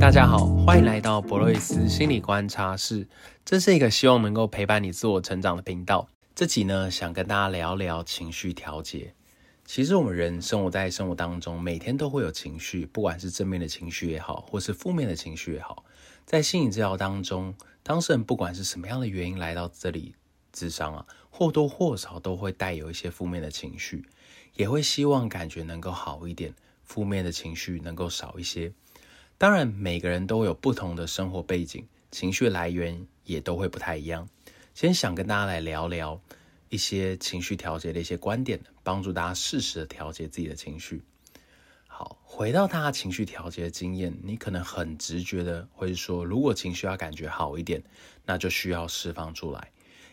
大家好，歡迎來到博瑞斯心理觀察室。這是一個希望能夠陪伴你自我成長的頻道。這集呢，想跟大家聊聊情緒調節。其實我們人生活在生活當中，每天都會有情緒，不管是正面的情緒也好，或是負面的情緒也好。在心理治療當中，當事人不管是什麼樣的原因來到這裡，諮商啊，或多或少都會帶有一些負面的情緒，也會希望感覺能夠好一點，負面的情緒能夠少一些。當然，每個人都有不同的生活背景，情緒來源也都會不太一樣。先想跟大家來聊聊一些情緒調節的一些觀點，幫助大家適時的調節自己的情緒。好，回到大家情緒調節的經驗，你可能很直覺的會說，如果情緒要感覺好一點，那就需要釋放出來。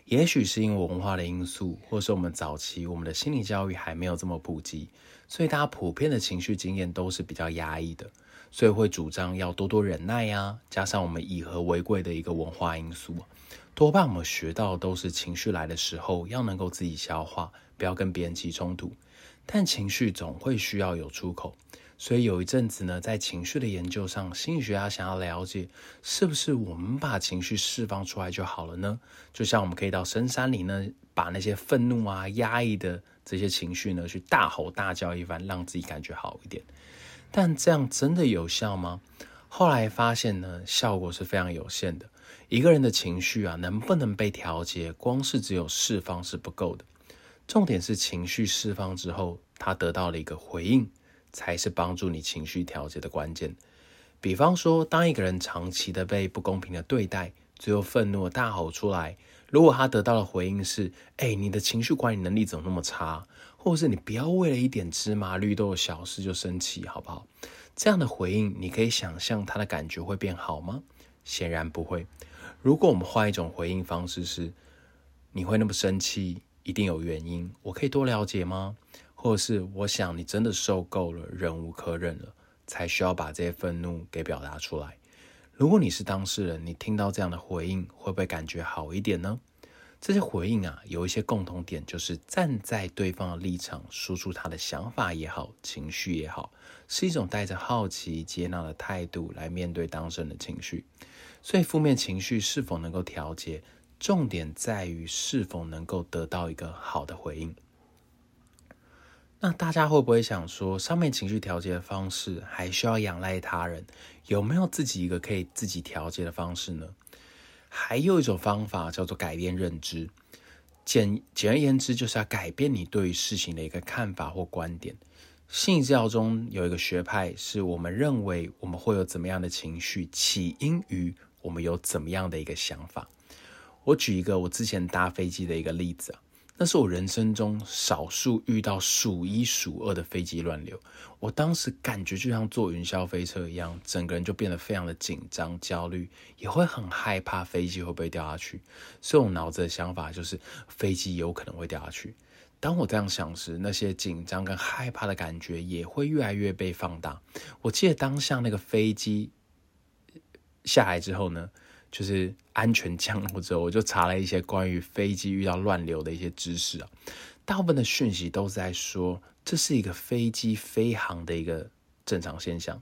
也許是因為文化的因素，或是我們早期我們的心理教育還沒有這麼普及，所以大家普遍的情緒經驗都是比較壓抑的。所以會主張要多多忍耐呀、啊，加上我們以和為貴的一個文化因素、啊，多半我們學到都是情緒來的時候要能夠自己消化，不要跟別人起衝突。但情緒總會需要有出口，所以有一陣子呢，在情緒的研究上，心理學家想要了解，是不是我們把情緒釋放出來就好了呢？就像我們可以到深山裡呢，把那些憤怒啊、壓抑的這些情緒呢，去大吼大叫一番，讓自己感覺好一點。但這樣真的有效嗎？後來發現呢，效果是非常有限的。一個人的情緒啊，能不能被調節，光是只有釋放是不夠的。重點是情緒釋放之後，他得到了一個回應，才是幫助你情緒調節的關鍵。比方說，當一個人長期的被不公平的對待，最後憤怒的大吼出來。如果他得到的回應是“哎，你的情緒管理能力怎麼那麼差”，或者是“你不要為了一點芝麻綠豆的小事就生氣，好不好？”這樣的回應，你可以想象他的感覺會變好嗎？顯然不會。如果我們換一種回應方式是“你會那麼生氣，一定有原因，我可以多了解嗎？”或者是“我想你真的受夠了，忍無可忍了，才需要把這些憤怒給表達出來。”如果你是當事人，你聽到這樣的回應，會不會感覺好一點呢？這些回應啊，有一些共同點，就是站在對方的立場，說出他的想法也好，情緒也好，是一種帶着好奇、接納的態度來面對當事人的情緒。所以，負面情緒是否能夠調節，重點在於是否能夠得到一個好的回應。那大家會不會想說，上面情緒調節的方式還需要仰賴他人？有沒有自己一個可以自己調節的方式呢？還有一種方法叫做改變認知，簡簡而言之就是要改變你對於事情的一個看法或觀點。心理學中有一個學派，是我們認為我們會有怎麼樣的情緒，起因於我們有怎麼樣的一個想法。我舉一個我之前搭飛機的一個例子啊。那是我人生中少數遇到數一數二的飛機亂流，我當時感覺就像坐雲霄飛車一樣，整個人就變得非常的緊張、焦慮，也會很害怕飛機會不會掉下去。所以我腦子的想法就是飛機有可能會掉下去。當我這樣想時，那些緊張跟害怕的感覺也會越來越被放大。我記得當下那個飛機下來之後呢，就是安全降落之後，我就查了一些關於飛機遇到亂流的一些知識啊。大部分的訊息都在說，這是一個飛機飛航的一個正常現象，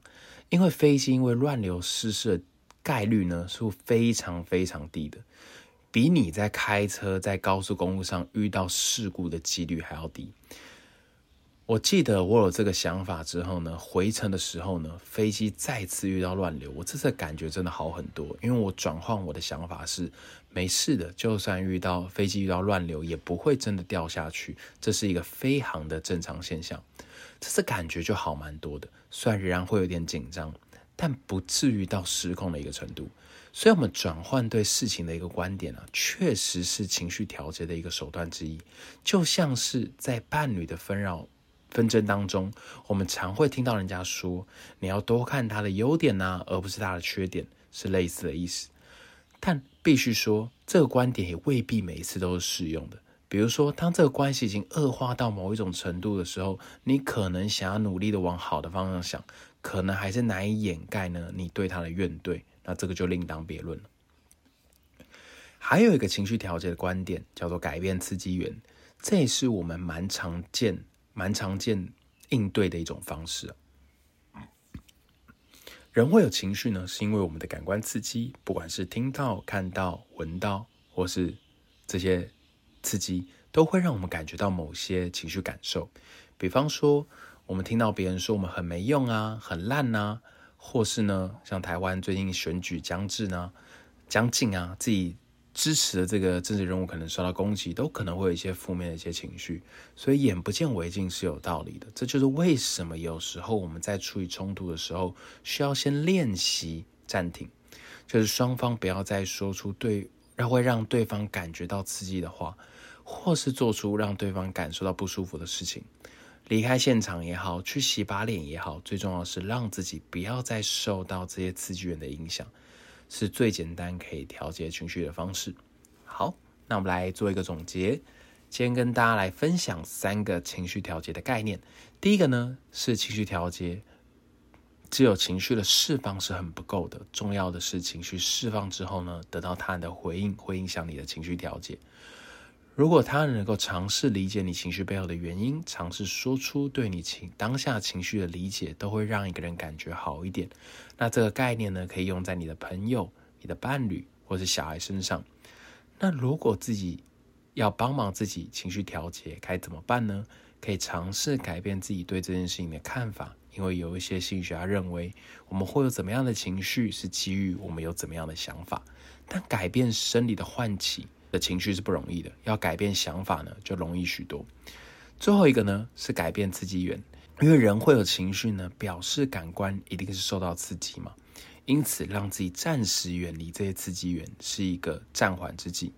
因為飛機因為亂流失事的概率呢是，是非常非常低的，比你在開車在高速公路上遇到事故的幾率還要低。我記得我有這個想法之後呢，回程的時候呢，飛機再次遇到亂流，我這次感覺真的好很多，因為我轉換我的想法是，沒事的，就算遇到飛機遇到亂流，也不會真的掉下去，這是一個非常的正常現象。這次感覺就好蠻多的，雖然仍然會有點緊張，但不至於到失控的一個程度。所以，我們轉換對事情的一個觀點啊，確實是情緒調節的一個手段之一，就像是在伴侶的紛擾。紛爭當中，我們常會聽到人家說：“你要多看他的優點吶、啊，而不是他的缺點。”是類似的意思。但必須說，這個觀點也未必每一次都是適用的。比如說，當這個關係已經惡化到某一種程度的時候，你可能想要努力的往好的方向想，可能還是難以掩蓋呢你對他的怨懟。那這個就另當別論了。還有一個情緒調節的觀點叫做改變刺激源，這也是我們蠻常見的。蠻常見應對的一種方式。人會有情緒呢，是因為我們的感官刺激，不管是聽到、看到、聞到，或是這些刺激，都會讓我們感覺到某些情緒感受。比方說，我們聽到別人說我們很沒用啊、很爛啊，或是呢，像台灣最近選舉將至呢、將近啊，自己。支持的這個政治人物可能受到攻擊，都可能會有一些負面的一些情緒，所以眼不見為淨是有道理的。這就是為什麼有時候我們在處理衝突的時候，需要先練習暫停，就是雙方不要再說出對讓會讓對方感覺到刺激的話，或是做出讓對方感受到不舒服的事情，離開現場也好，去洗把臉也好，最重要是讓自己不要再受到這些刺激源的影響。是最簡單可以調節情緒的方式。好，那我們來做一個總結。今天跟大家來分享三個情緒調節的概念。第一個呢，是情緒調節，只有情緒的釋放是很不夠的，重要的，是情緒釋放之後呢，得到他人的回應，會影響你的情緒調節。如果他能夠嘗試理解你情緒背後的原因，嘗試說出對你情當下情緒的理解，都會讓一個人感覺好一點。那這個概念呢，可以用在你的朋友、你的伴侶或是小孩身上。那如果自己要幫忙自己情緒調節，該怎麼辦呢？可以嘗試改變自己對這件事情的看法，因為有一些心理學家認為，我們會有怎麼樣的情緒，是基於我們有怎麼樣的想法。但改變生理的喚起，情緒是不容易的，要改變想法呢，就容易許多。最後一個呢是改變刺激源，因為人會有情緒呢，表示感官一定是受到刺激嘛，因此讓自己暫時遠離這些刺激源是一個暫緩之計。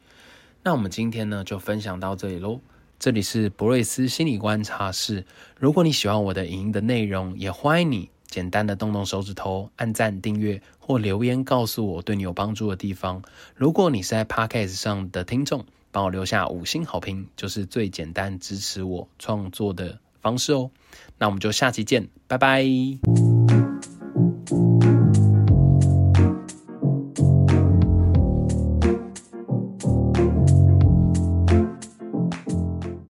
那我們今天呢就分享到這裡嘍，這裡是博瑞斯心理觀察室。如果你喜歡我的影音的內容，也歡迎你。簡單的動動手指頭，按讚、訂閱或留言告訴我對你有幫助的地方。如果你是在 Podcast 上的聽眾，幫我留下五星好評，就是最簡單支持我創作的方式哦。那我們就下期見，拜拜。